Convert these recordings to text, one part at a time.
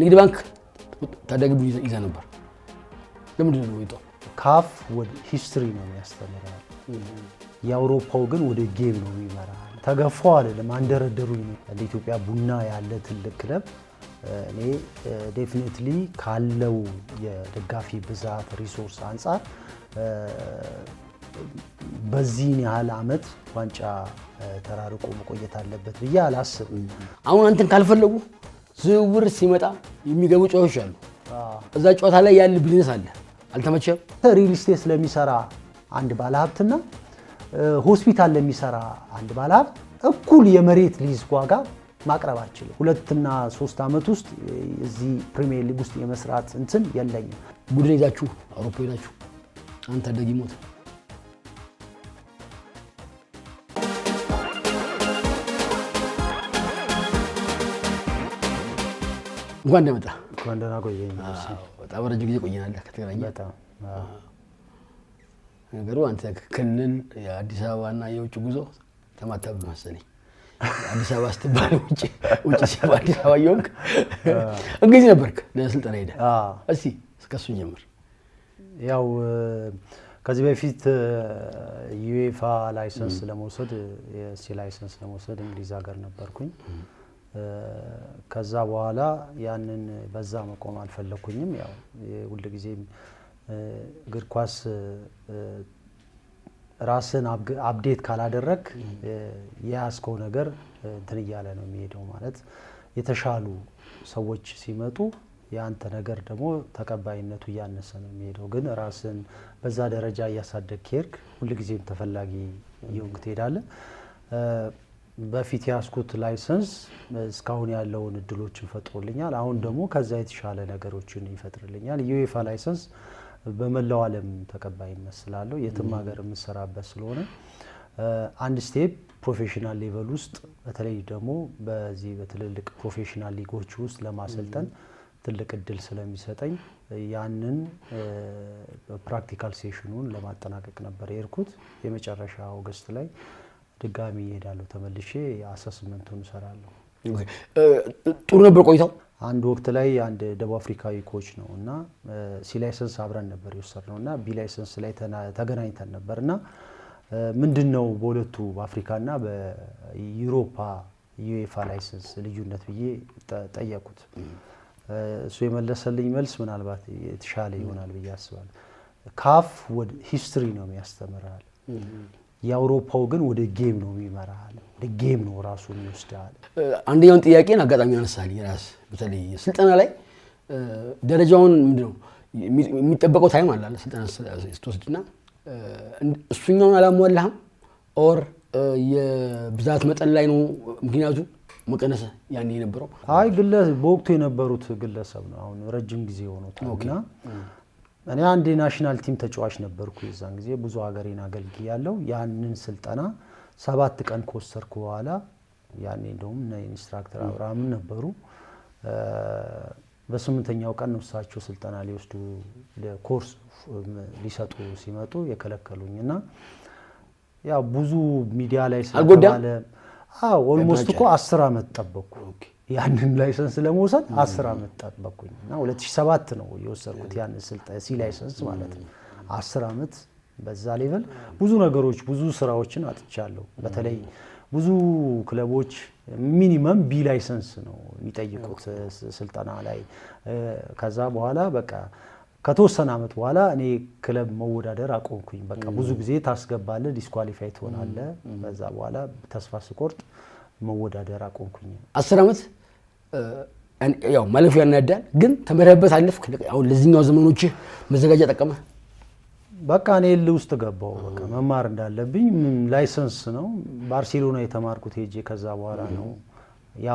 ንግድ ባንክ ታዳጊ ቡድን ይዛ ነበር። ለምንድን ነው የወጣው? ካፍ ወደ ሂስትሪ ነው የሚያስተምረው፣ የአውሮፓው ግን ወደ ጌም ነው የሚመራ። ተገፋ አይደለም አንደረደሩኝ ነው። ኢትዮጵያ ቡና ያለ ትልቅ ክለብ እኔ ዴፊኒትሊ ካለው የደጋፊ ብዛት ሪሶርስ አንጻር በዚህን ያህል አመት ዋንጫ ተራርቆ መቆየት አለበት ብዬ አላስብም። አሁን አንተን ካልፈለጉ ዝውውር ሲመጣ የሚገቡ ጨዋቾች አሉ። እዛ ጨዋታ ላይ ያለ ቢዝነስ አለ። አልተመቸም። ሪል ስቴት ስለሚሰራ አንድ ባለሀብትና ሆስፒታል ለሚሰራ አንድ ባለሀብት እኩል የመሬት ሊዝ ዋጋ ማቅረብ አልችልም። ሁለትና ሶስት ዓመት ውስጥ እዚህ ፕሪሚየር ሊግ ውስጥ የመስራት እንትን የለኝም። ቡድን ይዛችሁ አውሮፓ ይዛችሁ አንተ ደግሞት እንኳን ደህና እንኳን ደህና ቆየህ። በጣም ረጅም ጊዜ ቆይናለህ ከተገናኘህ። ነገሩ አንተ ክልል የአዲስ አበባና የውጭ ጉዞ ተማታብህ መሰለኝ። አዲስ አበባ ስትባል ውጭ ውጭ ሲባል አዲስ አበባ እየሆንክ እንግሊዝ ነበርክ ለስልጠና ሄደህ። እስኪ እስከሱ ጀምር። ያው ከዚህ በፊት ዩኤፋ ላይሰንስ ለመውሰድ የሲ ላይሰንስ ለመውሰድ እንግሊዝ ሀገር ነበርኩኝ ከዛ በኋላ ያንን በዛ መቆም አልፈለኩኝም። ያው ሁልጊዜም እግር ኳስ ራስን አብዴት ካላደረግ የያዝከው ነገር እንትን እያለ ነው የሚሄደው። ማለት የተሻሉ ሰዎች ሲመጡ የአንተ ነገር ደግሞ ተቀባይነቱ እያነሰ ነው የሚሄደው። ግን ራስን በዛ ደረጃ እያሳደግ ከሄድክ ሁልጊዜም ተፈላጊ እየሆንክ ትሄዳለህ። በፊት ያስኩት ላይሰንስ እስካሁን ያለውን እድሎችን ፈጥሮልኛል። አሁን ደግሞ ከዛ የተሻለ ነገሮችን ይፈጥርልኛል። የዩኤፋ ላይሰንስ በመላው ዓለም ተቀባይነት ስላለው የትም ሀገር የምሰራበት ስለሆነ አንድ ስቴፕ ፕሮፌሽናል ሌቨል ውስጥ በተለይ ደግሞ በዚህ በትልልቅ ፕሮፌሽናል ሊጎች ውስጥ ለማሰልጠን ትልቅ እድል ስለሚሰጠኝ ያንን ፕራክቲካል ሴሽኑን ለማጠናቀቅ ነበር የርኩት የመጨረሻ ኦገስት ላይ ድጋሚ ይሄዳለሁ ተመልሼ አሰስመንቱን እሰራለሁ። ጥሩ ነበር ቆይታው። አንድ ወቅት ላይ አንድ ደቡብ አፍሪካዊ ኮች ነው እና ሲ ላይሰንስ አብረን ነበር የወሰድነው እና ቢ ላይሰንስ ላይ ተገናኝተን ነበር እና ምንድን ነው በሁለቱ በአፍሪካና በዩሮፓ ዩኤፋ ላይሰንስ ልዩነት ብዬ ጠየቁት። እሱ የመለሰልኝ መልስ ምናልባት የተሻለ ይሆናል ብዬ አስባለሁ። ካፍ ሂስትሪ ነው ያስተምራል የአውሮፓው ግን ወደ ጌም ነው የሚመራል፣ ወደ ጌም ነው ራሱ ይወስዳል አንደኛውን ጥያቄን አጋጣሚ ያነሳል። የራስ በተለይ ስልጠና ላይ ደረጃውን ምንድነው የሚጠበቀው ታይም አለ ስልጠና ስትወስድና እሱኛውን አላሟላህም ኦር የብዛት መጠን ላይ ነው ምክንያቱ መቀነሰ ያን የነበረው አይ፣ በወቅቱ የነበሩት ግለሰብ ነው። አሁን ረጅም ጊዜ ሆኖታል ታና እኔ አንድ የናሽናል ቲም ተጫዋች ነበርኩ። የዛን ጊዜ ብዙ ሀገሬን አገልግ ያለው ያንን ስልጠና ሰባት ቀን ከወሰድኩ በኋላ ያኔ እንደውም ኢንስትራክተር አብርሃምን ነበሩ። በስምንተኛው ቀን ነው እሳቸው ስልጠና ሊወስዱ ኮርስ ሊሰጡ ሲመጡ የከለከሉኝ እና ያ ብዙ ሚዲያ ላይ ስለተባለ ኦልሞስት እኮ አስር አመት ጠበቅኩ። ያንን ላይሰንስ ለመውሰድ አስር ዓመት ጠበቅኩኝ እና 2007 ነው የወሰድኩት ያንን ስልጠና ሲ ላይሰንስ ማለት ነው። አስር ዓመት በዛ ሌቨል ብዙ ነገሮች ብዙ ስራዎችን አጥቻለሁ። በተለይ ብዙ ክለቦች ሚኒመም ቢ ላይሰንስ ነው የሚጠይቁት ስልጠና ላይ። ከዛ በኋላ በቃ ከተወሰነ ዓመት በኋላ እኔ ክለብ መወዳደር አቆምኩኝ። በቃ ብዙ ጊዜ ታስገባለ ዲስኳሊፋይ ትሆናለ በዛ በኋላ ተስፋ ስቆርጥ መወዳደር አቆምኩኝ። አስር ዓመት ያው ማለፉ ያናዳል፣ ግን ተመረህበት አለፍ። አሁን ለዚኛው ዘመኖች መዘጋጃ ጠቀመ። በቃ እኔ ል ውስጥ ገባው። በቃ መማር እንዳለብኝ ላይሰንስ ነው። ባርሴሎና የተማርኩት ሄጄ ከዛ በኋላ ነው ያ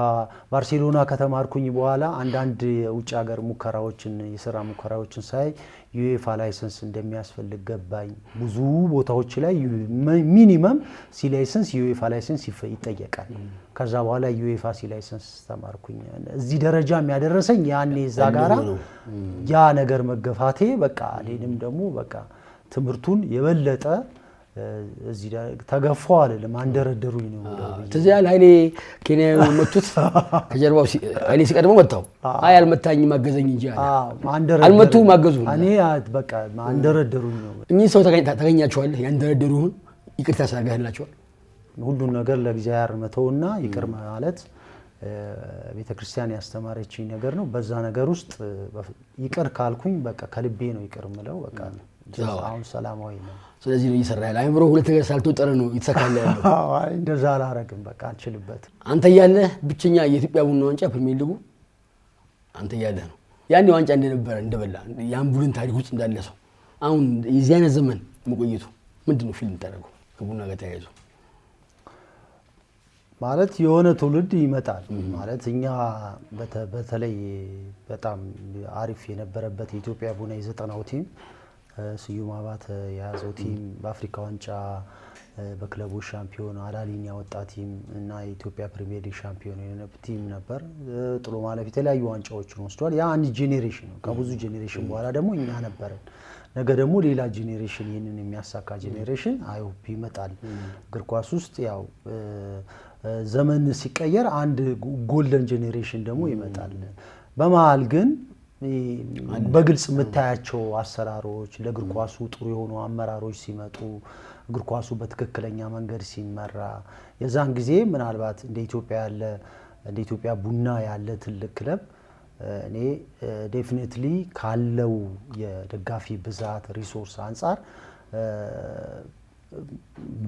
ባርሴሎና ከተማርኩኝ በኋላ አንዳንድ የውጭ ሀገር ሙከራዎችን የስራ ሙከራዎችን ሳይ ዩኤፋ ላይሰንስ እንደሚያስፈልግ ገባኝ። ብዙ ቦታዎች ላይ ሚኒመም ሲ ላይሰንስ ዩኤፋ ላይሰንስ ይጠየቃል። ከዛ በኋላ ዩኤፋ ሲ ላይሰንስ ተማርኩኝ። እዚህ ደረጃ የሚያደረሰኝ ያኔ እዛ ጋራ ያ ነገር መገፋቴ በቃ እኔንም ደግሞ በቃ ትምህርቱን የበለጠ እዚህ ተገፎ አልልም፣ አንደረደሩኝ ነው። ትዝ ያለህ ኃይሌ ኬንያ መቱት ከጀርባው ኃይሌ ሲቀድመው መታው። አይ አልመታኝም አገዘኝ እንጂ አልመቱ ማገዙ እኔ በቃ አንደረደሩኝ ነው። እኚህ ሰው ታገኛቸዋለህ፣ ያንደረደሩህን ይቅር ታሳርጋላቸዋል። ሁሉን ነገር ለእግዚአብሔር መተውና ይቅር ማለት ቤተ ክርስቲያን ያስተማረችኝ ነገር ነው። በዛ ነገር ውስጥ ይቅር ካልኩኝ በቃ ከልቤ ነው ይቅር ምለው። በቃ አሁን ሰላማዊ ነው። ስለዚህ ነው እየሰራ ያለ አይምሮ ሁለት ነገር ሳልተወጠረ ነው የተሳካለ ያለው። እንደዛ አላረግም፣ በቃ አልችልበት። አንተ ያለህ ብቸኛ የኢትዮጵያ ቡና ዋንጫ ፕሪሚየር ሊጉ አንተ ያለህ ነው። ያን ዋንጫ እንደነበረ እንደበላ ያን ቡድን ታሪክ ውስጥ እንዳለ ሰው አሁን የዚህ አይነት ዘመን መቆየቱ ምንድን ነው ፊልም ታደረገው ከቡና ጋር ተያይዞ ማለት የሆነ ትውልድ ይመጣል ማለት እኛ በተለይ በጣም አሪፍ የነበረበት የኢትዮጵያ ቡና የዘጠናው ቲም ስዩም አባተ የያዘው ቲም በአፍሪካ ዋንጫ በክለቡ ሻምፒዮን አዳሊን ያወጣ ቲም እና የኢትዮጵያ ፕሪሚየር ሊግ ሻምፒዮን የሆነ ቲም ነበር። ጥሎ ማለፍ የተለያዩ ዋንጫዎችን ወስዷል። ያ አንድ ጄኔሬሽን ነው። ከብዙ ጄኔሬሽን በኋላ ደግሞ እኛ ነበረን። ነገ ደግሞ ሌላ ጄኔሬሽን ይህንን የሚያሳካ ጄኔሬሽን አይሆፕ ይመጣል። እግር ኳስ ውስጥ ያው ዘመን ሲቀየር አንድ ጎልደን ጄኔሬሽን ደግሞ ይመጣል። በመሀል ግን በግልጽ የምታያቸው አሰራሮች ለእግር ኳሱ ጥሩ የሆኑ አመራሮች ሲመጡ እግር ኳሱ በትክክለኛ መንገድ ሲመራ የዛን ጊዜ ምናልባት እንደ ኢትዮጵያ ያለ እንደ ኢትዮጵያ ቡና ያለ ትልቅ ክለብ እኔ ዴፊኒትሊ ካለው የደጋፊ ብዛት ሪሶርስ አንጻር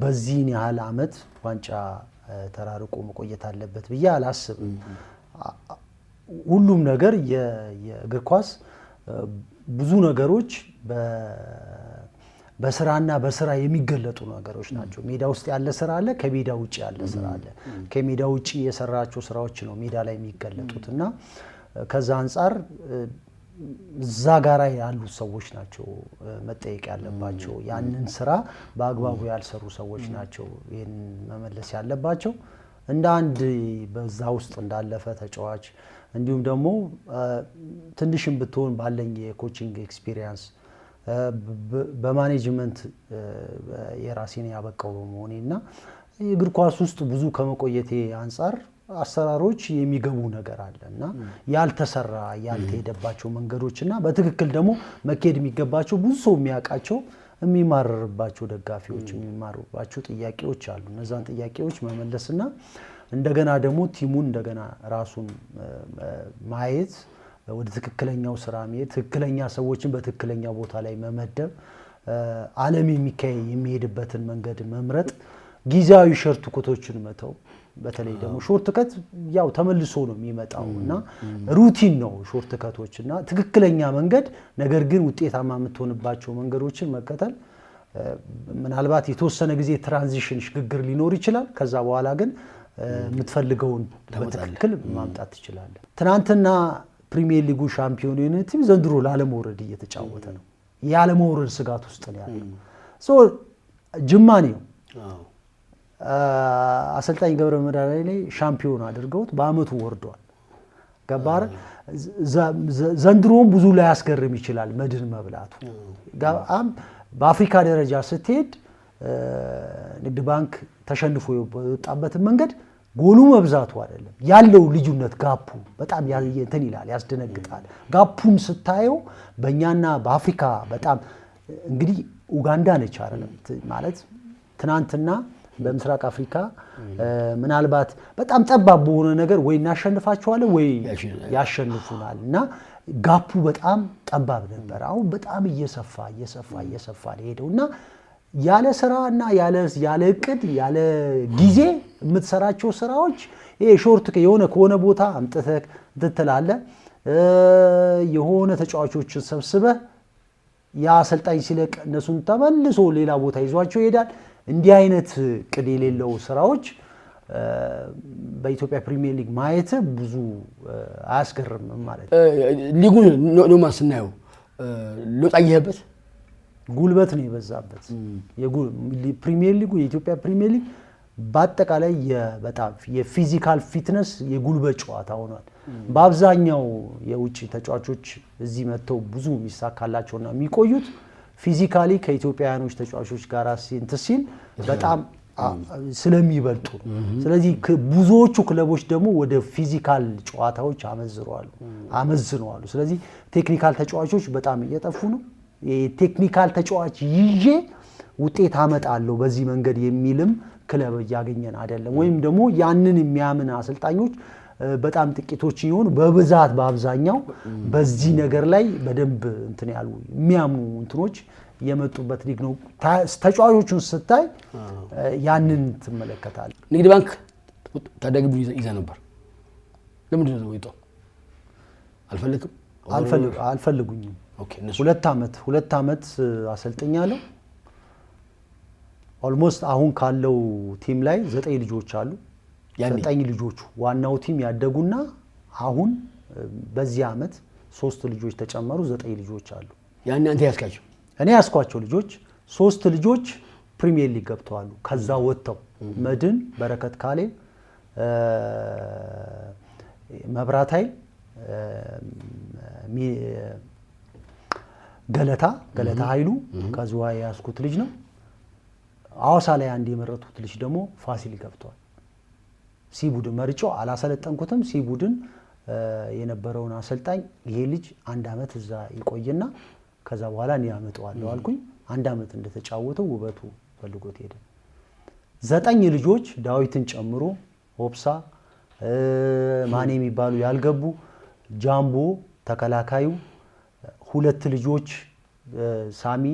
በዚህን ያህል አመት ዋንጫ ተራርቆ መቆየት አለበት ብዬ አላስብም። ሁሉም ነገር የእግር ኳስ ብዙ ነገሮች በስራና በስራ የሚገለጡ ነገሮች ናቸው። ሜዳ ውስጥ ያለ ስራ አለ፣ ከሜዳ ውጭ ያለ ስራ አለ። ከሜዳ ውጭ የሰራቸው ስራዎች ነው ሜዳ ላይ የሚገለጡት እና ከዛ አንጻር እዛ ጋራ ያሉት ሰዎች ናቸው መጠየቅ ያለባቸው። ያንን ስራ በአግባቡ ያልሰሩ ሰዎች ናቸው ይህን መመለስ ያለባቸው። እንደ አንድ በዛ ውስጥ እንዳለፈ ተጫዋች እንዲሁም ደግሞ ትንሽም ብትሆን ባለኝ የኮችንግ ኤክስፒሪየንስ በማኔጅመንት የራሴን ያበቃው በመሆኔ እና እግር ኳስ ውስጥ ብዙ ከመቆየቴ አንጻር አሰራሮች የሚገቡ ነገር አለ እና ያልተሰራ ያልተሄደባቸው መንገዶች እና በትክክል ደግሞ መካሄድ የሚገባቸው ብዙ ሰው የሚያውቃቸው የሚማርባቸው ደጋፊዎች የሚማሩባቸው ጥያቄዎች አሉ። እነዛን ጥያቄዎች መመለስና እንደገና ደግሞ ቲሙን እንደገና ራሱን ማየት ወደ ትክክለኛው ስራ መሄድ፣ ትክክለኛ ሰዎችን በትክክለኛ ቦታ ላይ መመደብ፣ ዓለም የሚካሄድ የሚሄድበትን መንገድ መምረጥ፣ ጊዜያዊ ሾርት ከቶችን መተው። በተለይ ደግሞ ሾርት ከት ያው ተመልሶ ነው የሚመጣው እና ሩቲን ነው ሾርት ከቶች እና ትክክለኛ መንገድ ነገር ግን ውጤታማ የምትሆንባቸው መንገዶችን መከተል ምናልባት የተወሰነ ጊዜ ትራንዚሽን ሽግግር ሊኖር ይችላል። ከዛ በኋላ ግን የምትፈልገውን በትክክል ማምጣት ትችላለህ። ትናንትና ፕሪሚየር ሊጉ ሻምፒዮን የሆነ ቲም ዘንድሮ ላለመውረድ እየተጫወተ ነው። ያለመውረድ ስጋት ውስጥ ነው ያለው። ጅማኔ ነው። አሰልጣኝ ገብረ መድህን ላይ ሻምፒዮን አድርገውት በአመቱ ወርዷል። ገባር ዘንድሮም ብዙ ላያስገርም ይችላል መድን መብላቱ በአፍሪካ ደረጃ ስትሄድ ንግድ ባንክ ተሸንፎ የወጣበትን መንገድ ጎሉ መብዛቱ አይደለም ያለው ልዩነት ጋፑ በጣም እንትን ይላል፣ ያስደነግጣል። ጋፑን ስታየው በእኛና በአፍሪካ በጣም እንግዲህ ኡጋንዳ ነች አይደለም ማለት ትናንትና በምስራቅ አፍሪካ ምናልባት በጣም ጠባብ በሆነ ነገር ወይ እናሸንፋቸዋለን ወይ ያሸንፉናል እና ጋፑ በጣም ጠባብ ነበር። አሁን በጣም እየሰፋ እየሰፋ እየሰፋ ሄደው እና ያለ ስራ እና ያለ እቅድ ያለ ጊዜ የምትሰራቸው ስራዎች ይሄ ሾርት የሆነ ከሆነ ቦታ አምጥተህ ትትላለ የሆነ ተጫዋቾችን ሰብስበህ ያ አሰልጣኝ ሲለቅ እነሱን ተመልሶ ሌላ ቦታ ይዟቸው ይሄዳል። እንዲህ አይነት ቅድ የሌለው ስራዎች በኢትዮጵያ ፕሪሚየር ሊግ ማየት ብዙ አያስገርምም ማለት ሊጉን ኖማ ስናየው ሎጣ ጉልበት ነው የበዛበት። ፕሪሚየር ሊጉ የኢትዮጵያ ፕሪሚየር ሊግ በአጠቃላይ በጣም የፊዚካል ፊትነስ የጉልበት ጨዋታ ሆኗል። በአብዛኛው የውጭ ተጫዋቾች እዚህ መጥተው ብዙ የሚሳካላቸውና የሚቆዩት ፊዚካሊ ከኢትዮጵያውያኖች ተጫዋቾች ጋር እንትን ሲል በጣም ስለሚበልጡ ስለዚህ ብዙዎቹ ክለቦች ደግሞ ወደ ፊዚካል ጨዋታዎች አመዝነዋሉ። ስለዚህ ቴክኒካል ተጫዋቾች በጣም እየጠፉ ነው። የቴክኒካል ተጫዋች ይዤ ውጤት አመጣለሁ በዚህ መንገድ የሚልም ክለብ እያገኘን አይደለም። ወይም ደግሞ ያንን የሚያምን አሰልጣኞች በጣም ጥቂቶች ይሆኑ። በብዛት በአብዛኛው በዚህ ነገር ላይ በደንብ እንትን ያሉ የሚያምኑ እንትኖች የመጡበት ሊግ ነው። ተጫዋቾቹን ስታይ ያንን ትመለከታል። ንግድ ባንክ ታዳጊ ቡድን ይዘህ ነበር። ለምንድን ነው አልፈልግም አልፈልጉኝም ሁለት ዓመት ሁለት ዓመት አሰልጥኛለሁ። ኦልሞስት አሁን ካለው ቲም ላይ ዘጠኝ ልጆች አሉ። ዘጠኝ ልጆቹ ዋናው ቲም ያደጉና አሁን በዚህ ዓመት ሶስት ልጆች ተጨመሩ። ዘጠኝ ልጆች አሉ። ያን አንተ እኔ ያስኳቸው ልጆች ሶስት ልጆች ፕሪሚየር ሊግ ገብተዋሉ። ከዛ ወጥተው መድን፣ በረከት ካሌ፣ መብራት ኃይል ገለታ ገለታ ኃይሉ ከዝዋይ የያዝኩት ልጅ ነው። አዋሳ ላይ አንድ የመረጡት ልጅ ደግሞ ፋሲል ገብቷል። ሲ ቡድን መርጮ አላሰለጠንኩትም። ሲ ቡድን የነበረውን አሰልጣኝ ይሄ ልጅ አንድ አመት እዛ ይቆይና ከዛ በኋላ እኔ አመጣዋለሁ አልኩኝ። አንድ አመት እንደተጫወተው ውበቱ ፈልጎት ሄደ። ዘጠኝ ልጆች ዳዊትን ጨምሮ ሆብሳ፣ ማኔ የሚባሉ ያልገቡ ጃምቦ ተከላካዩ ሁለት ልጆች ሳሚ፣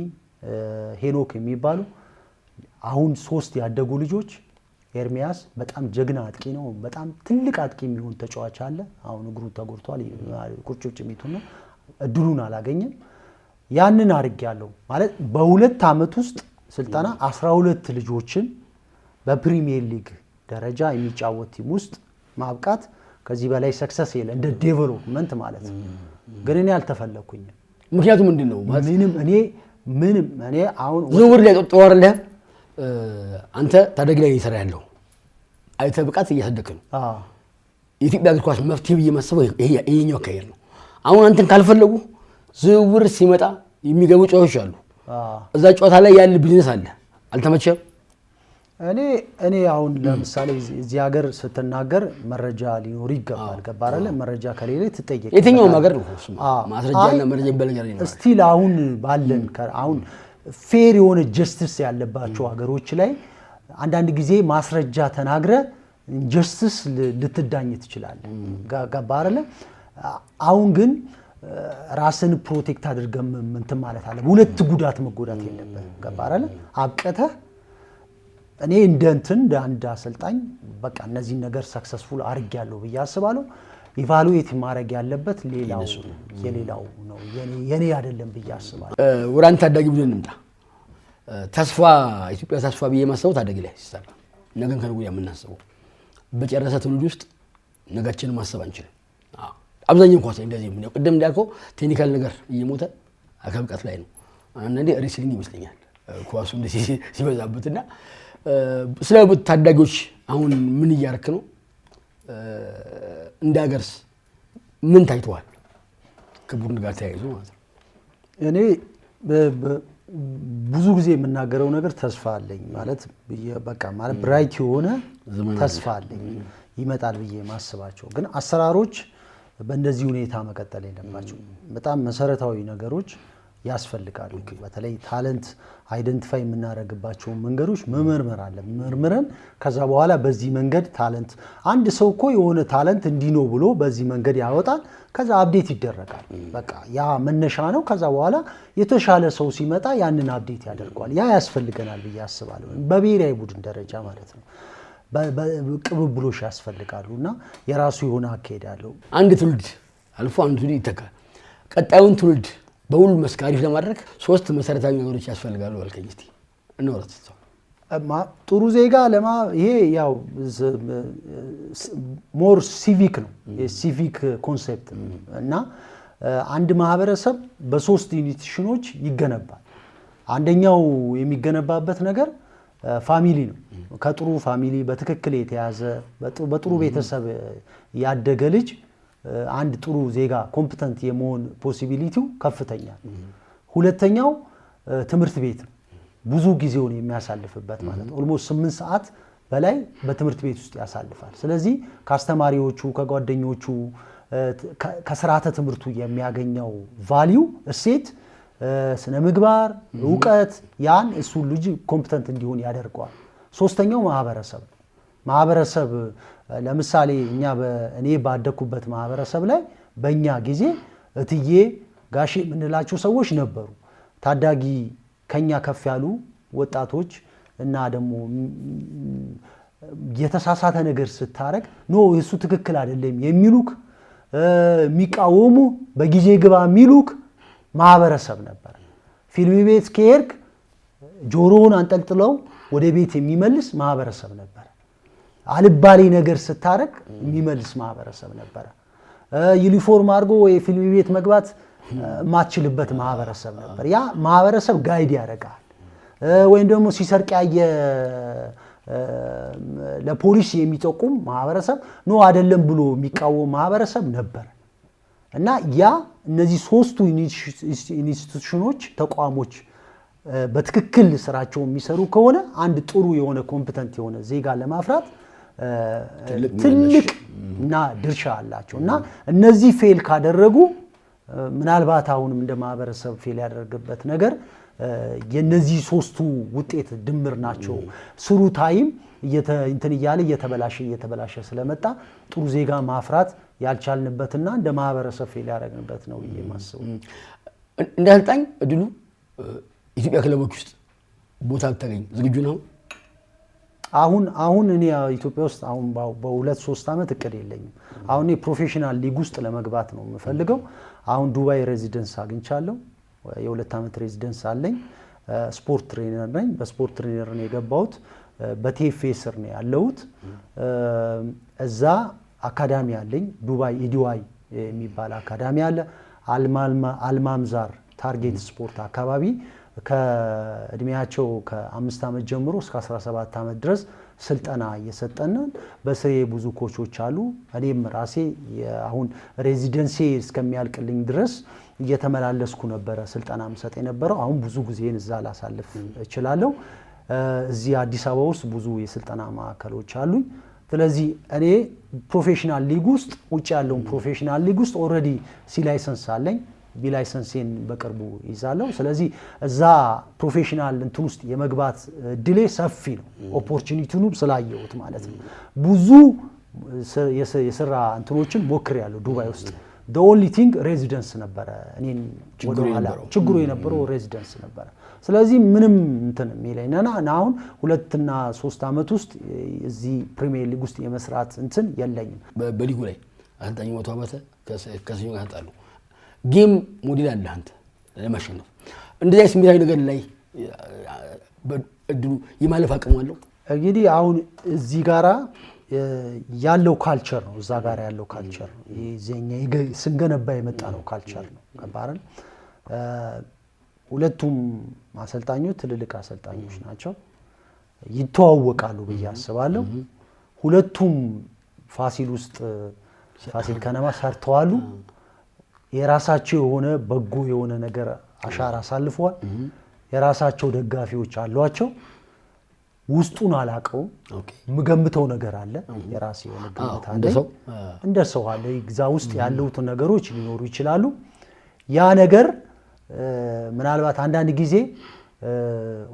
ሄኖክ የሚባሉ አሁን ሶስት ያደጉ ልጆች። ኤርሚያስ በጣም ጀግና አጥቂ ነው። በጣም ትልቅ አጥቂ የሚሆን ተጫዋች አለ። አሁን እግሩ ተጎድቷል፣ ቁርጭምጭሚቱ ነው። እድሉን አላገኘም። ያንን አድርጌያለሁ ማለት በሁለት ዓመት ውስጥ ስልጠና 12 ሁለት ልጆችን በፕሪሚየር ሊግ ደረጃ የሚጫወት ቲም ውስጥ ማብቃት ከዚህ በላይ ሰክሰስ የለ እንደ ዴቨሎፕመንት ማለት ነው። ግን እኔ አልተፈለግኩኝም። ምክንያቱም ምንድን ነው ምንም እኔ ምንም እኔ አሁን ዝውውር ላይ ጠዋርለህ አንተ ታደግ ላይ እየሰራ ያለው አይተ ብቃት እያሳደክ ነው። የኢትዮጵያ እግር ኳስ መፍትሄ ብዬ ማስበው ይሄኛው አካሄድ ነው። አሁን አንተን ካልፈለጉ ዝውውር ሲመጣ የሚገቡ ጨዋቾች አሉ። እዛ ጨዋታ ላይ ያለ ቢዝነስ አለ። አልተመቸም እኔ እኔ አሁን ለምሳሌ እዚህ ሀገር ስትናገር መረጃ ሊኖር ይገባል። ገባራለ መረጃ ከሌለ ትጠየቅ። የትኛው ነገር ነው ማስረጃና መረጃ ይበለኛል። ስቲል አሁን ባለን አሁን ፌር የሆነ ጀስትስ ያለባቸው ሀገሮች ላይ አንዳንድ ጊዜ ማስረጃ ተናግረ ጀስትስ ልትዳኝ ትችላለ። ገባራለ አሁን ግን ራስን ፕሮቴክት አድርገን ምንትን ማለት አለ። ሁለት ጉዳት መጎዳት የለበት። ገባራለ አብቀተህ እኔ እንደ እንትን እንደ አንድ አሰልጣኝ በቃ እነዚህን ነገር ሰክሰስፉል አድርጌያለሁ ብዬ አስባለሁ። ኢቫሉዌት ማድረግ ያለበት ሌላው የሌላው ነው የኔ አይደለም ብዬ አስባለሁ። ወደ አንድ ታዳጊ ቡድን እንምጣ። ተስፋ ኢትዮጵያ ተስፋ ብዬ የማስበው ታዳጊ ላይ ሲሰራ ነገን ከነገ የምናስበው በጨረሰ ትውልድ ውስጥ ነገችን ማሰብ አንችልም። አብዛኛው ኳስ እንደዚህ ምን ቅድም እንዳልከው ቴክኒካል ነገር እየሞተ ከብቃት ላይ ነው። አንዳንዴ ሬስሊንግ ይመስለኛል ኳሱ ሲበዛበትና ስለ ታዳጊዎች አሁን ምን እያረክ ነው? እንደ ሀገርስ ምን ታይተዋል? ከቡድን ጋር ተያይዞ ማለት ነው። እኔ ብዙ ጊዜ የምናገረው ነገር ተስፋ አለኝ ማለት በቃ ማለት ብራይት የሆነ ተስፋ አለኝ ይመጣል ብዬ ማስባቸው ግን አሰራሮች በእንደዚህ ሁኔታ መቀጠል የለባቸው። በጣም መሰረታዊ ነገሮች ያስፈልጋሉ። በተለይ ታለንት አይደንቲፋይ የምናደርግባቸውን መንገዶች መመርመር አለ። መርምረን ከዛ በኋላ በዚህ መንገድ ታለንት አንድ ሰው እኮ የሆነ ታለንት እንዲህ ነው ብሎ በዚህ መንገድ ያወጣል። ከዛ አብዴት ይደረጋል። በቃ ያ መነሻ ነው። ከዛ በኋላ የተሻለ ሰው ሲመጣ ያንን አብዴት ያደርገዋል። ያ ያስፈልገናል ብዬ አስባለሁ። በብሔራዊ ቡድን ደረጃ ማለት ነው። ቅብብሎች ያስፈልጋሉ እና የራሱ የሆነ አካሄድ አለው። አንድ ትውልድ አልፎ አንድ ትውልድ ይተካል። ቀጣዩን ትውልድ በሁሉ መስክ አሪፍ ለማድረግ ሶስት መሰረታዊ ነገሮች ያስፈልጋሉ። በልከኝ እስኪ ጥሩ ዜጋ ለማ ይሄ ያው ሞር ሲቪክ ነው የሲቪክ ኮንሴፕት እና አንድ ማህበረሰብ በሶስት ኢንስቲትዩሽኖች ይገነባል። አንደኛው የሚገነባበት ነገር ፋሚሊ ነው። ከጥሩ ፋሚሊ በትክክል የተያዘ በጥሩ ቤተሰብ ያደገ ልጅ አንድ ጥሩ ዜጋ ኮምፕተንት የመሆን ፖሲቢሊቲው ከፍተኛ ነው። ሁለተኛው ትምህርት ቤት ነው። ብዙ ጊዜውን የሚያሳልፍበት ማለት ነው። ኦልሞስት ስምንት ሰዓት በላይ በትምህርት ቤት ውስጥ ያሳልፋል። ስለዚህ ከአስተማሪዎቹ፣ ከጓደኞቹ፣ ከስርዓተ ትምህርቱ የሚያገኘው ቫሊዩ እሴት፣ ስነ ምግባር፣ እውቀት ያን እሱን ልጅ ኮምፕተንት እንዲሆን ያደርገዋል። ሶስተኛው ማህበረሰብ ማህበረሰብ ለምሳሌ እኛ እኔ ባደግኩበት ማህበረሰብ ላይ በእኛ ጊዜ እትዬ ጋሼ የምንላቸው ሰዎች ነበሩ። ታዳጊ ከኛ ከፍ ያሉ ወጣቶች እና ደግሞ የተሳሳተ ነገር ስታረግ ኖ እሱ ትክክል አይደለም የሚሉክ የሚቃወሙ በጊዜ ግባ የሚሉክ ማህበረሰብ ነበር። ፊልም ቤት ከሄድክ ጆሮውን አንጠልጥለው ወደ ቤት የሚመልስ ማህበረሰብ ነበር። አልባሌ ነገር ስታረግ የሚመልስ ማህበረሰብ ነበረ። ዩኒፎርም አድርጎ ወይ ፊልም ቤት መግባት የማትችልበት ማህበረሰብ ነበር። ያ ማህበረሰብ ጋይድ ያደርጋል። ወይም ደግሞ ሲሰርቅ ያየ ለፖሊስ የሚጠቁም ማህበረሰብ ኖ አይደለም ብሎ የሚቃወም ማህበረሰብ ነበር እና ያ እነዚህ ሶስቱ ኢንስቲቱሽኖች ተቋሞች በትክክል ስራቸው የሚሰሩ ከሆነ አንድ ጥሩ የሆነ ኮምፕተንት የሆነ ዜጋ ለማፍራት ትልቅ እና ድርሻ አላቸው እና እነዚህ ፌል ካደረጉ ምናልባት አሁንም እንደ ማህበረሰብ ፌል ያደረገበት ነገር የነዚህ ሶስቱ ውጤት ድምር ናቸው። ስሩ ታይም እንትን እያለ እየተበላሸ እየተበላሸ ስለመጣ ጥሩ ዜጋ ማፍራት ያልቻልንበትና እንደ ማህበረሰብ ፌል ያደረግንበት ነው ብዬ ማስበው። እንደ አሰልጣኝ እድሉ ኢትዮጵያ ክለቦች ውስጥ ቦታ ተገኝ ዝግጁ ነው። አሁን አሁን እኔ ኢትዮጵያ ውስጥ አሁን በሁለት ሶስት ዓመት እቅድ የለኝም። አሁን ፕሮፌሽናል ሊግ ውስጥ ለመግባት ነው የምፈልገው። አሁን ዱባይ ሬዚደንስ አግኝቻለሁ። የሁለት ዓመት ሬዚደንስ አለኝ። ስፖርት ትሬነር ነኝ። በስፖርት ትሬነር ነው የገባሁት። በቴፌ ስር ነው ያለሁት። እዛ አካዳሚ አለኝ። ዱባይ ኢዲዋይ የሚባል አካዳሚ አለ። አልማምዛር ታርጌት ስፖርት አካባቢ ከእድሜያቸው ከአምስት ዓመት ጀምሮ እስከ 17 ዓመት ድረስ ስልጠና እየሰጠንን በስሬ ብዙ ኮቾች አሉ። እኔም ራሴ አሁን ሬዚደንሴ እስከሚያልቅልኝ ድረስ እየተመላለስኩ ነበረ ስልጠና ምሰጥ የነበረው። አሁን ብዙ ጊዜን እዛ ላሳልፍ እችላለሁ። እዚህ አዲስ አበባ ውስጥ ብዙ የስልጠና ማዕከሎች አሉኝ። ስለዚህ እኔ ፕሮፌሽናል ሊግ ውስጥ ውጭ ያለውን ፕሮፌሽናል ሊግ ውስጥ ኦልሬዲ ሲ ላይሰንስ አለኝ ቢላይሰንሴን በቅርቡ ይዛለሁ። ስለዚህ እዛ ፕሮፌሽናል እንትን ውስጥ የመግባት እድሌ ሰፊ ነው። ኦፖርቹኒቲኑ ስላየሁት ማለት ነው። ብዙ የስራ እንትኖችን ሞክሬያለሁ ዱባይ ውስጥ። ኦንሊ ቲንግ ሬዚደንስ ነበረ እኔን ወደኋላ ችግሩ የነበረው ሬዚደንስ ነበረ። ስለዚህ ምንም እንትን የሚለኝና አሁን ሁለትና ሶስት ዓመት ውስጥ እዚህ ፕሪሚየር ሊግ ውስጥ የመስራት እንትን የለኝም። በሊጉ ላይ አሰልጣኝ መቶ ዓመተ ከሰኞ ጋር ጌም ሞዴል አለህ አንተ ለማሸነፍ። እንደዚያ ስሜታዊ ነገር ላይ እድሉ የማለፍ አቅሙ አለው። እንግዲህ አሁን እዚህ ጋራ ያለው ካልቸር ነው፣ እዛ ጋር ያለው ካልቸር ነው። ኛ ስንገነባ የመጣ ነው ካልቸር ነው። ገባርን። ሁለቱም አሰልጣኞች ትልልቅ አሰልጣኞች ናቸው፣ ይተዋወቃሉ ብዬ አስባለሁ። ሁለቱም ፋሲል ውስጥ ፋሲል ከነማ ሰርተዋሉ። የራሳቸው የሆነ በጎ የሆነ ነገር አሻራ አሳልፈዋል። የራሳቸው ደጋፊዎች አሏቸው። ውስጡን አላቀውም። የምገምተው ነገር አለ፣ የራሴ የሆነ ግምት አለ፣ እንደ ሰው አለ። እዛ ውስጥ ያለሁትን ነገሮች ሊኖሩ ይችላሉ። ያ ነገር ምናልባት አንዳንድ ጊዜ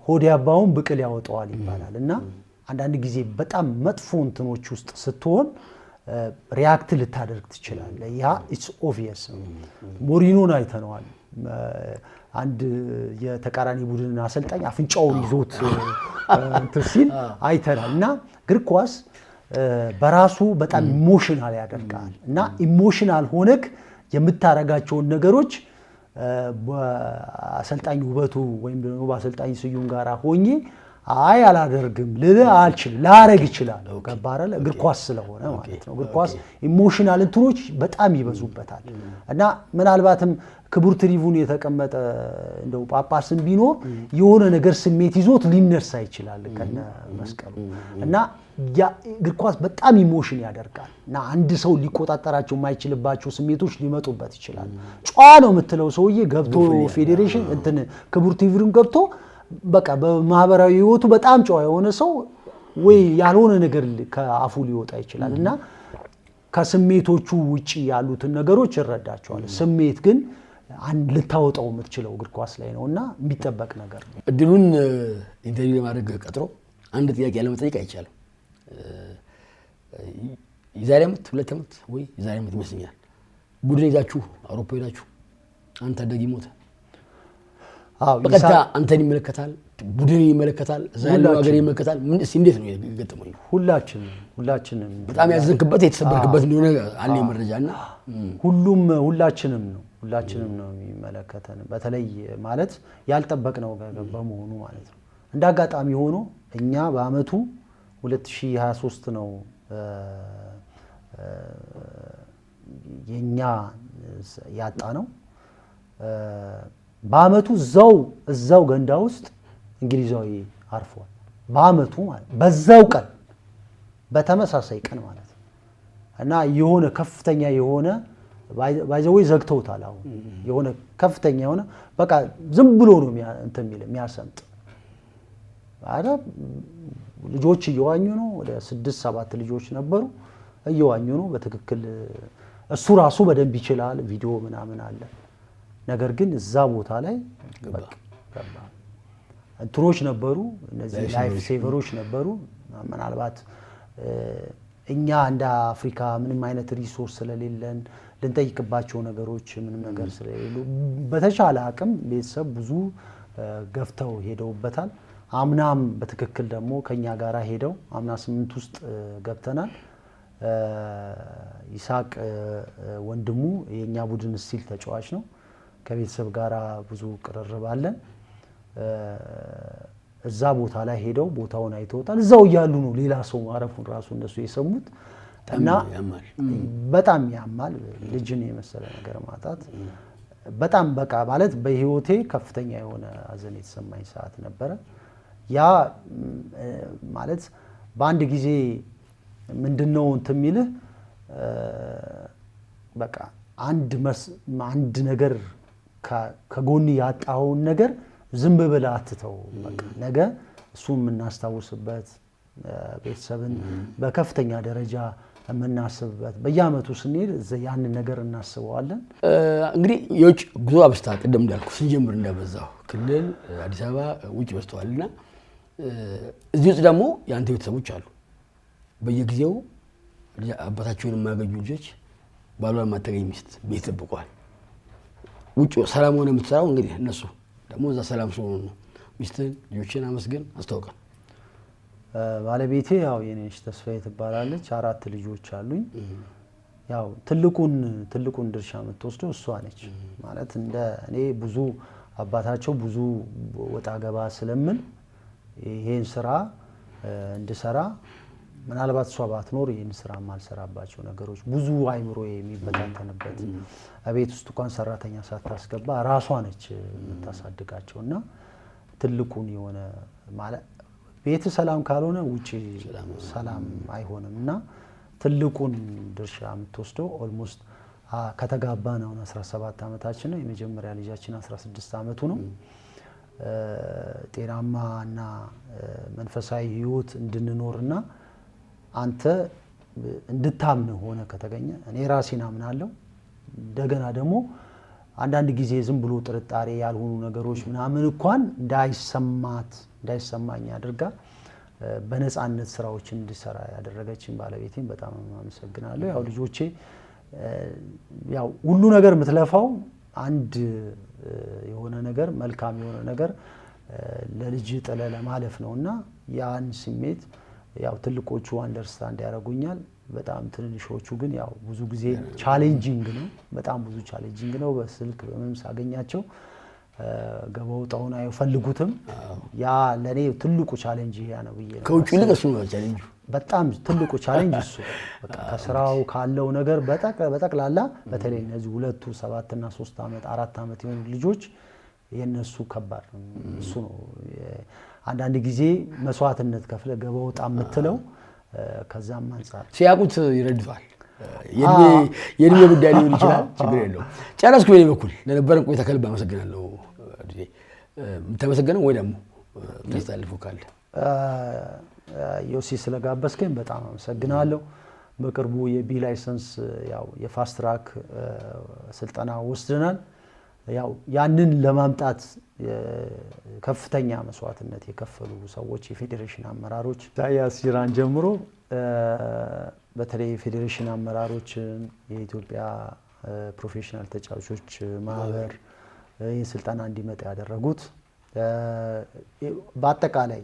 ሆድ ያባውን ብቅል ያወጣዋል ይባላል እና አንዳንድ ጊዜ በጣም መጥፎ እንትኖች ውስጥ ስትሆን ሪያክት ልታደርግ ትችላለ። ያ ኢትስ ኦቪየስ ነው። ሞሪኖን አይተነዋል። አንድ የተቃራኒ ቡድን አሰልጣኝ አፍንጫውን ይዞት እንትን ሲል አይተናል። እና እግር ኳስ በራሱ በጣም ኢሞሽናል ያደርጋል እና ኢሞሽናል ሆነክ የምታረጋቸውን ነገሮች በአሰልጣኝ ውበቱ ወይም ደግሞ በአሰልጣኝ ስዩም ጋር ሆኜ አይ አላደርግም ልልህ አልችልም። ላረግ እችላለሁ። ገባህ እግር ኳስ ስለሆነ ማለት ነው። እግር ኳስ ኢሞሽናል እንትኖች በጣም ይበዙበታል እና ምናልባትም ክቡር ትሪቡን የተቀመጠ እንደው ጳጳስም ቢኖር የሆነ ነገር ስሜት ይዞት ሊነሳ ይችላል ከነ መስቀሉ እና እግር ኳስ በጣም ኢሞሽን ያደርጋል እና አንድ ሰው ሊቆጣጠራቸው የማይችልባቸው ስሜቶች ሊመጡበት ይችላል። ጨዋ ነው የምትለው ሰውዬ ገብቶ ፌዴሬሽን እንትን ክቡር ትሪቡን ገብቶ በቃ በማህበራዊ ህይወቱ በጣም ጨዋ የሆነ ሰው ወይ ያልሆነ ነገር ከአፉ ሊወጣ ይችላል እና ከስሜቶቹ ውጭ ያሉትን ነገሮች ይረዳቸዋል። ስሜት ግን ልታወጣው የምትችለው እግር ኳስ ላይ ነው እና የሚጠበቅ ነገር ነው። እድሉን ኢንተርቪው ለማድረግ ቀጥሮ አንድ ጥያቄ ያለመጠየቅ አይቻልም። የዛሬ ዓመት ሁለት ዓመት ወይ የዛሬ ዓመት ይመስለኛል ቡድን ሄዳችሁ አውሮፓ ሄዳችሁ አንድ ታዳጊ ሞተ በቀጥታ አንተን ይመለከታል፣ ቡድን ይመለከታል፣ እዛ ያለው ሀገር ይመለከታል። እንዴት ነው የገጠመኝ? ሁላችንም ሁላችንም በጣም ያዘንክበት የተሰበርክበት እንደሆነ አለ መረጃ እና ሁሉም ሁላችንም ነው ሁላችንም ነው የሚመለከተን። በተለይ ማለት ያልጠበቅነው በመሆኑ ማለት ነው። እንደ አጋጣሚ ሆኖ እኛ በአመቱ 2023 ነው የእኛ ያጣ ነው በአመቱ እዛው እዛው ገንዳ ውስጥ እንግሊዛዊ አርፏል። በአመቱ ማለት በዛው ቀን በተመሳሳይ ቀን ማለት እና የሆነ ከፍተኛ የሆነ ባይዘወይ ዘግተውታል። አሁን የሆነ ከፍተኛ የሆነ በቃ ዝም ብሎ ነው የሚያሰምጥ አረ ልጆች እየዋኙ ነው። ወደ ስድስት ሰባት ልጆች ነበሩ እየዋኙ ነው። በትክክል እሱ ራሱ በደንብ ይችላል። ቪዲዮ ምናምን አለ። ነገር ግን እዛ ቦታ ላይ እንትኖች ነበሩ፣ እነዚህ ላይፍ ሴቨሮች ነበሩ። ምናልባት እኛ እንደ አፍሪካ ምንም አይነት ሪሶርስ ስለሌለን ልንጠይቅባቸው ነገሮች ምንም ነገር ስለሌሉ በተቻለ አቅም ቤተሰብ ብዙ ገፍተው ሄደውበታል። አምናም በትክክል ደግሞ ከኛ ጋር ሄደው አምና ስምንት ውስጥ ገብተናል። ይሳቅ ወንድሙ የእኛ ቡድን ስቲል ተጫዋች ነው። ከቤተሰብ ጋር ብዙ ቅርርብ አለን። እዛ ቦታ ላይ ሄደው ቦታውን አይተውታል። እዛው እያሉ ነው ሌላ ሰው ማረፉን ራሱ እነሱ የሰሙት እና በጣም ያማል። ልጅን የመሰለ ነገር ማጣት በጣም በቃ ማለት በህይወቴ ከፍተኛ የሆነ ሀዘን የተሰማኝ ሰዓት ነበረ። ያ ማለት በአንድ ጊዜ ምንድን ነው እንትን የሚልህ በቃ አንድ ነገር ከጎን ያጣኸውን ነገር ዝም ብለህ አትተው። ነገ እሱ የምናስታውስበት ቤተሰብን በከፍተኛ ደረጃ የምናስብበት በየአመቱ ስንሄድ ያንን ነገር እናስበዋለን። እንግዲህ የውጭ ጉዞ አብስታ ቅድም እንዳልኩ ስንጀምር እንዳበዛው ክልል አዲስ አበባ ውጭ በዝተዋልና እዚህ ውስጥ ደግሞ የአንተ ቤተሰቦች አሉ። በየጊዜው አባታቸውን የማያገኙ ልጆች ባሏን ማተገኝ ሚስት ቤት ጠብቋል። ውጭ ሰላም ሆነ የምትሰራው እንግዲህ እነሱ ደግሞ እዛ ሰላም ስለሆኑ ነው። ሚስትን ልጆችን አመስግን አስታውቀን። ባለቤቴ ያው የኔነሽ ተስፋዬ ትባላለች። አራት ልጆች አሉኝ። ያው ትልቁን ትልቁን ድርሻ የምትወስደው እሷ ነች ማለት እንደ እኔ ብዙ አባታቸው ብዙ ወጣ ገባ ስለምል ይሄን ስራ እንድሰራ ምናልባት እሷ ባትኖር ይህን ስራ ማልሰራባቸው ነገሮች ብዙ አይምሮ የሚበታተንበት ቤት ውስጥ እንኳን ሰራተኛ ሳታስገባ ራሷ ነች የምታሳድጋቸው እና ትልቁን የሆነ ማለት ቤት ሰላም ካልሆነ ውጭ ሰላም አይሆንም እና ትልቁን ድርሻ የምትወስደው ኦልሞስት ከተጋባን አሁን 17 ዓመታችን ነው። የመጀመሪያ ልጃችን 16 ዓመቱ ነው። ጤናማ እና መንፈሳዊ ህይወት እንድንኖርና አንተ እንድታምን ሆነ ከተገኘ እኔ ራሴን አምናለሁ። እንደገና ደግሞ አንዳንድ ጊዜ ዝም ብሎ ጥርጣሬ ያልሆኑ ነገሮች ምናምን እንኳን እንዳይሰማት እንዳይሰማኝ አድርጋ በነፃነት ስራዎችን እንዲሰራ ያደረገችን ባለቤቴን በጣም አመሰግናለሁ። ያው ልጆቼ ያው ሁሉ ነገር የምትለፋው አንድ የሆነ ነገር መልካም የሆነ ነገር ለልጅ ጥለ ለማለፍ ነው እና ያን ስሜት ያው ትልቆቹ አንደርስታንድ ያደርጉኛል። በጣም ትንንሾቹ ግን ያው ብዙ ጊዜ ቻሌንጂንግ ነው፣ በጣም ብዙ ቻሌንጂንግ ነው። በስልክ በምንም ሳገኛቸው ገበውጣውን አይፈልጉትም። ያ ለእኔ ትልቁ ቻሌንጅ ያ ነው ብዬ ነው። ከውጭ ይልቅ እሱ ቻሌንጁ በጣም ትልቁ ቻሌንጅ እሱ ከስራው ካለው ነገር በጠቅላላ በተለይ እነዚህ ሁለቱ ሰባት እና ሶስት ዓመት አራት ዓመት የሆኑ ልጆች የነሱ ከባድ እሱ ነው አንዳንድ ጊዜ መስዋዕትነት ከፍለ ገባ ወጣ የምትለው ከዛም አንጻር ሲያውቁት ይረድቷል። የእድሜ ጉዳይ ሊሆን ይችላል። ችግር የለው። ጨረስኩ። በኔ በኩል ለነበረን ቆይታ ከልብ አመሰግናለሁ። የምታመሰግነው ወይ ደግሞ ታስተላልፈው ካለ ዮሲ፣ ስለጋበዝከኝ በጣም አመሰግናለሁ። በቅርቡ የቢ ላይሰንስ ያው የፋስት ትራክ ስልጠና ወስደናል። ያው ያንን ለማምጣት ከፍተኛ መስዋዕትነት የከፈሉ ሰዎች የፌዴሬሽን አመራሮች ኢሳያስ ጅራን ጀምሮ በተለይ የፌዴሬሽን አመራሮችን የኢትዮጵያ ፕሮፌሽናል ተጫዋቾች ማህበር ይህን ስልጠና እንዲመጣ ያደረጉት በአጠቃላይ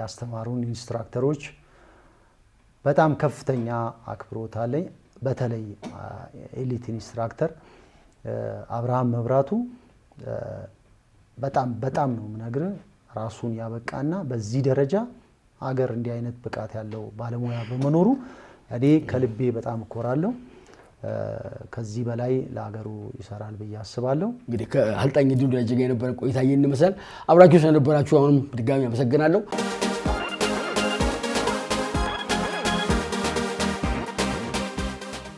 ያስተማሩን ኢንስትራክተሮች በጣም ከፍተኛ አክብሮት አለኝ። በተለይ ኤሊት ኢንስትራክተር አብርሃም መብራቱ በጣም በጣም ነው የምነግርህ። ራሱን ያበቃና በዚህ ደረጃ አገር እንዲህ አይነት ብቃት ያለው ባለሙያ በመኖሩ እኔ ከልቤ በጣም እኮራለሁ። ከዚህ በላይ ለሀገሩ ይሰራል ብዬ አስባለሁ። እንግዲህ ከአልጣኝ ዲሉ ደረጀ የነበረ ቆይታ ይህን ይመስላል። አብራችሁ ስለነበራችሁ አሁንም ድጋሚ አመሰግናለሁ።